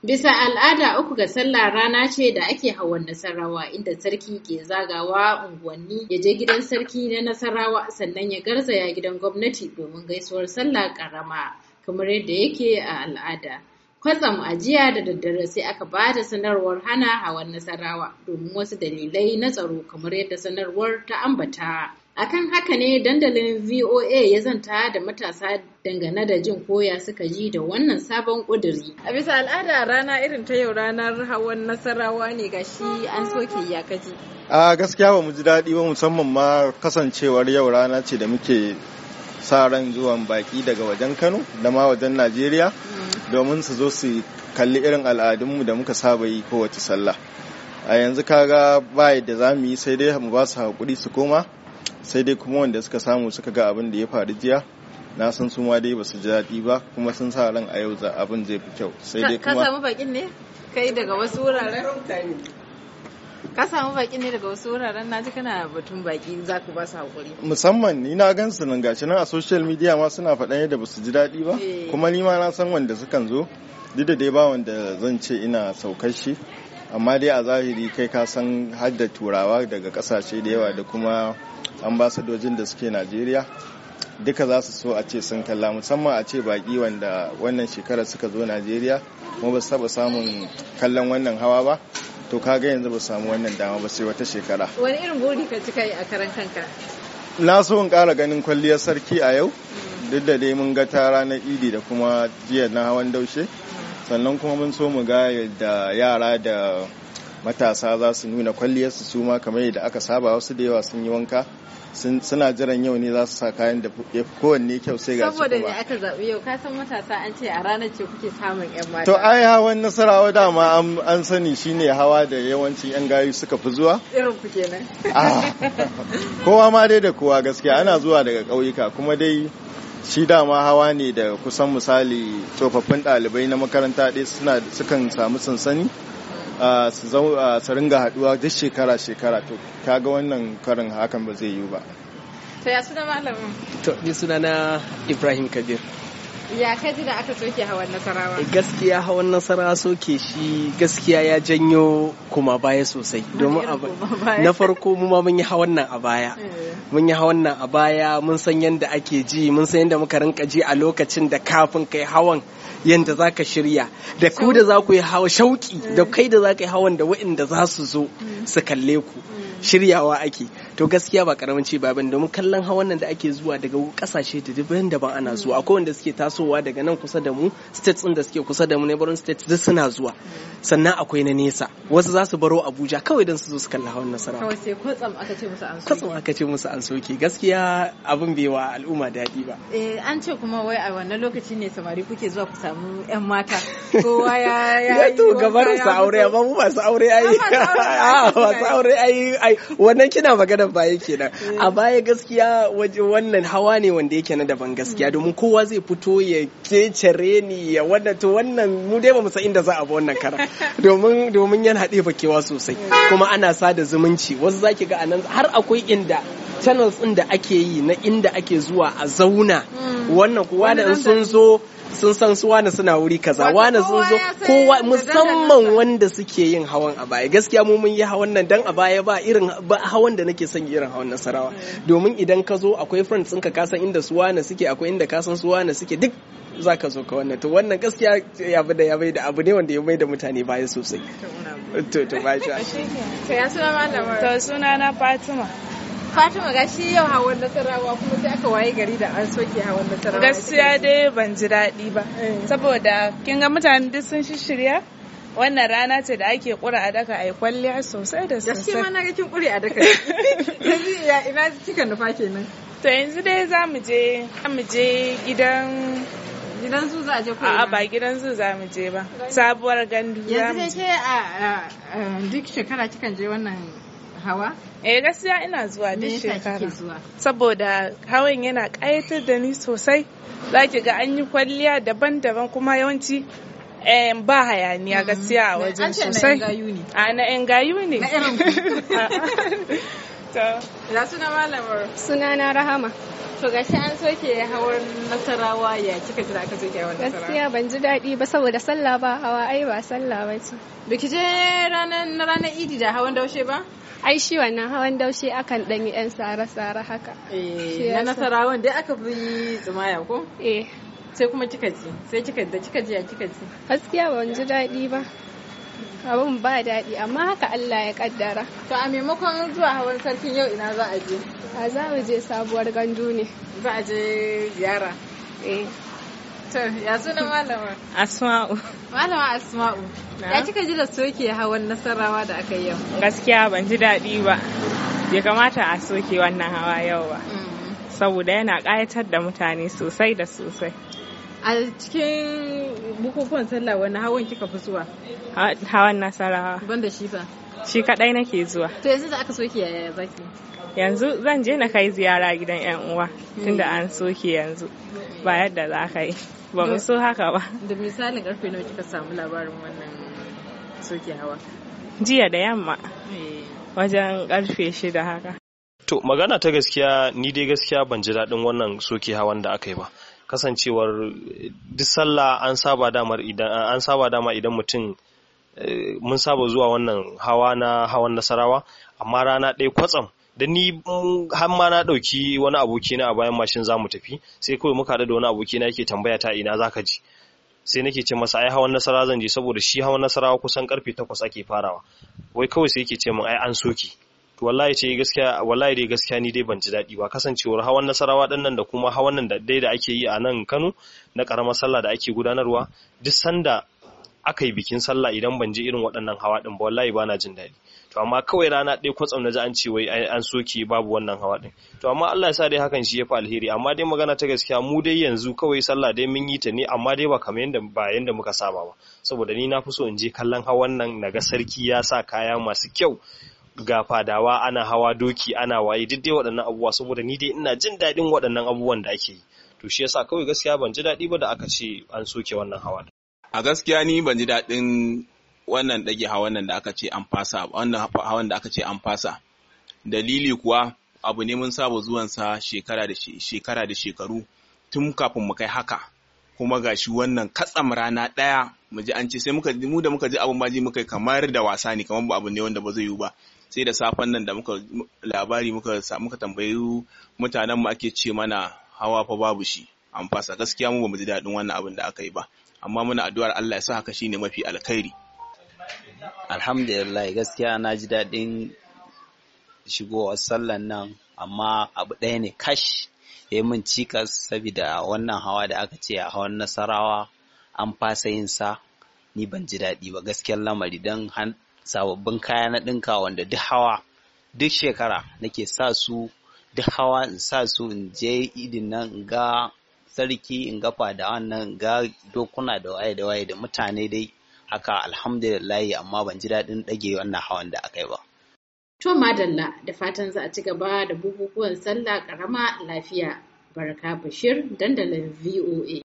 Bisa al'ada uku ga sallah rana ce da ake hawan Nasarawa inda sarki ke zagawa unguwanni ya je gidan sarki na Nasarawa sannan ya garzaya gidan gwamnati domin gaisuwar sallah karama kamar yadda yake a al'ada. Kwatsam ajiya da daddare sai aka ba da sanarwar hana hawan Nasarawa domin wasu dalilai na tsaro kamar yadda sanarwar ta ambata. Akan haka ne dandalin VOA ya zanta da matasa dangane da jin koya suka ji da wannan sabon ƙuduri. A bisa al'ada rana irin ta yau ranar hawan nasarawa ne ga shi an soke ya kaji. A gaskiya ba mu ji daɗi ba musamman ma kasancewar yau rana ce da muke sa ran zuwan baki daga wajen Kano da ma wajen Najeriya domin su zo su kalli irin al'adunmu da muka saba yi kowace sallah. A yanzu kaga ba da za mu yi sai dai mu ba su haƙuri su koma sai dai kuma wanda suka samu suka ga abin da ya faru jiya na san su ma dai basu ji daɗi ba kuma sun sa ran a yau abin zai fi kyau sai dai kuma ka samu bakin ne kai daga wasu wuraren ka samu baki ne daga wasu wuraren na ji kana batun baki za ku ba su hakuri musamman ni na gan su nan gashi nan a social media ma suna faɗa yadda ba su ji daɗi ba eh. kuma ni ma na san wanda sukan zo duk da dai ba wanda zan ce ina saukar shi amma dai a zahiri kai ka san hadda turawa daga kasashe da yawa da kuma ambasadojin da suke najeriya duka za su so a ce sun kalla musamman a ce baki wanda wannan shekarar suka zo najeriya kuma ba su taba samun kallon wannan hawa ba to kaga yanzu ba samu wannan dama ba sai wata shekara wani irin buri ka cika yi a karan kanka na so in kara ganin kwalliyar sarki a yau duk da dai mun ga ta ranar idi da kuma jiya na hawan daushe sannan kuma mun so mu ga yadda yara da matasa za su nuna kwalliyarsu su ma kamar yadda aka saba wasu da yawa sun yi wanka suna jiran yau ne za su sa kayan da ya fi kowanne kyau sai ga saboda ne aka zaɓi yau ka san matasa an ce a ranar ce kuke samun yan mata to ai hawan nasarawa dama an sani shine hawa da yawanci yan gayu suka fi zuwa irin ku kenan ah, kowa ma dai da kowa gaskiya ana zuwa daga ƙauyuka kuma dai shi dama hawa ne da kusan misali tsofaffin ɗalibai na makaranta ɗaya suna sukan samu sansani su ringa haɗuwa duk shekara-shekara to kaga wannan karin hakan ba zai yiwu ba. To ya suna malamin? To ni suna na Ibrahim Kabir. ya kaji da aka soke hawan nasarawa eh, gaskiya hawan nasarawa soke shi gaskiya ya janyo kuma baya sosai domin na farko mu ma mun yi hawan nan a baya eh. mun yi hawan nan a baya mun san yadda ake ji mun san yadda muka rinka ji a lokacin da kafin kai hawan yadda za ka shirya da ku da za ku yi hawa shauki da kai da za ka yi hawan da waɗanda za su zo mm. su kalle ku mm. shiryawa ake to gaskiya ba karamin ci babin domin kallon hawan nan da ake zuwa daga kasashe da daban-daban ana zuwa akwai wanda suke tasowa daga nan kusa da mu states din da suke kusa da mu neighboring states duk suna zuwa sannan akwai na nesa wasu za su baro Abuja kawai don su zo su kalla hawan nasara kawai sai kotsam aka ce musu an soke Kotsam aka ce musu an soke gaskiya abin bai wa al'umma daɗi ba eh an ce kuma wai a wannan lokaci ne samari kuke zuwa ku samu yan mata kowa ya ya to gabar sa aure amma mu masu aure ai masu aure ai ai wannan kina magana baya kenan a baya gaskiya waje wannan hawa ne wanda yake na daban gaskiya mm. domin kowa zai fito ya kecere ni ya wannan to wannan mu dai bamu san inda za a ba wannan kara domin domin yana haɗe bakewa sosai mm. kuma ana sada zumunci wasu zaki ga anan har akwai inda channels ɗin da ake yi na inda ake zuwa a zauna hmm. wannan kuwa da sun zo sun san su wani suna wuri kaza wani sun zo kowa musamman wanda suke yin hawan a baya gaskiya mu mun yi hawan nan dan a baya ba irin hawan da nake son irin hawan nasarawa hmm. domin idan ka zo akwai friends ɗinka ka kasan inda su wani suke akwai inda ka san su wani suke duk za ka zo ka wannan to wannan gaskiya ya bada ya bai da abu ne wanda ya bai da mutane baya sosai to to ba shi ya suna malama to suna na Fatima Fatima ga shi yau hawan nasarawa kuma sai aka waye gari da an soke hawan nasarawa. Gaskiya dai ban ji daɗi ba. Eh. Saboda kin ga mutane duk sun shirya wannan rana ce da ake kura a daka a yi kwalliya sosai da sosai. Gaskiya ma na ga kin kure a daka. Yanzu ina kika nufa kenan. To yanzu dai za mu je mu je gidan gidan su za a je A'a ba gidan su za mu je ba. Sabuwar gandu. Yanzu dai ke a duk shekara kikan je wannan hawa? Eh gaskiya ina zuwa duk shekara. Saboda hawan yana ƙayatar da ni sosai. Za ki ga an yi kwalliya daban-daban kuma yawanci ba hayaniya mm-hmm. gaskiya a wajen sosai. A na yan gayu ne. Na suna malamar. Suna Rahama. To gashi an soke hawan nasarawa ya kika jira aka soke hawan nasarawa. Gaskiya ban ji daɗi ba saboda sallah ba hawa ai ba sallah ba ce. Biki je ranar ranar Idi da hawan daushe ba? Ai shi wannan hawan daushe akan ɗan yi 'yan sare-sare haka. Eh, na nasarawa dai aka fi tsumaya ko? Eh. Sai kuma kika ji, sai kika da kika ji ya kika ji. Gaskiya ban ji daɗi ba. abin ba daɗi amma haka Allah ya kaddara to a maimakon zuwa hawan sarkin yau ina za a je a za mu je sabuwar gandu ne za a je ziyara eh. to ya suna malama asma'u malama asma'u ya cika ji da soke hawan nasarawa da aka yau gaskiya ban ji daɗi ba ya kamata a soke wannan hawa yau ba mm. saboda yana ƙayatar da mutane sosai da sosai a cikin bukukuwan sallah wani hawan kika fi zuwa hawan nasarawa banda shi ba shi kadai nake zuwa to yanzu da aka soke yaya zaki yanzu zan je na kai ziyara gidan yan uwa hmm. tunda an soke yanzu ba yadda za ka yi ba mu so haka ba da misalin karfe nawa kika samu labarin wannan soke hawa jiya da yamma eh. wajen karfe shida haka to magana ta gaskiya ni dai gaskiya ban ji daɗin wannan soke hawan da aka yi ba kasancewar eh, duk sallah an saba damar idan eh, an saba dama idan mutum eh, mun saba zuwa wannan hawa na hawan nasarawa amma rana ɗaya kwatsam da ni mm, har ma na ɗauki wani aboki na a bayan mashin za mu tafi sai kawai muka da wani aboki na yake tambaya ta ina za ka ji sai nake ce masa ai hawan nasara zan je saboda shi hawan nasarawa kusan karfe takwas ake farawa wai kawai sai yake ce min ai an soki wallahi ce gaskiya wallahi dai gaskiya ni dai ban ji daɗi ba kasancewar hawan nasarawa ɗin nan da kuma hawan nan da dai da ake yi a nan Kano na ƙaramar sallah da ake gudanarwa duk sanda aka yi bikin sallah idan ban ji irin waɗannan hawa ɗin ba wallahi ba na jin daɗi to amma kawai rana ɗaya kwatsam na ji an ce wai an soke babu wannan hawa ɗin to amma Allah ya sa dai hakan shi ya fi alheri amma dai magana ta gaskiya mu dai yanzu kawai sallah dai mun yi ta ne amma dai ba kamar yanda ba yanda muka saba ba saboda ni na fi so in je kallon hawan nan naga sarki ya sa kaya masu kyau ga fadawa ana hawa doki ana waye duk dai waɗannan abubuwa saboda ni dai ina jin daɗin waɗannan abubuwan da ake yi to shi yasa kawai gaskiya ban ji daɗi ba da aka ce an soke wannan hawa a gaskiya ni ban ji daɗin wannan ɗage hawan nan da aka ce an fasa wannan hawan da aka ce an fasa dalili kuwa abu ne mun saba zuwansa shekara da shekara da shekaru tun kafin mu kai haka kuma ga shi wannan katsam rana ɗaya mu ji an ce sai muka mu da muka ji abun baji muka kamar da wasa ne kamar ba abu ne wanda ba zai yiwu ba sai da safen nan da muka labari muka ka tambayi mutanen mu ake ce mana hawa fa babu shi an fasa gaskiya mu bamu ji daɗin wannan abin da aka yi ba amma muna addu'ar Allah ya sa haka shine mafi alkhairi alhamdulillah gaskiya na ji daɗin shigowar sallan nan amma abu ɗaya ne kash ya yi min cikas saboda wannan hawa da aka ce a hawan nasarawa an fasa yin sa ni ban ji daɗi ba gaskiyar lamari don sababbin kaya na ɗinka wanda duk hawa duk shekara nake sa su duk hawa in sa su in je idin nan ga sarki in ga fadawan nan ga dokuna da waye da waye da mutane dai haka alhamdulillahi amma ban ji daɗin ɗage wannan hawan da aka yi ba. To madalla da fatan za a ci gaba da bukukuwan sallah karama lafiya. Baraka Bashir dandalin VOA.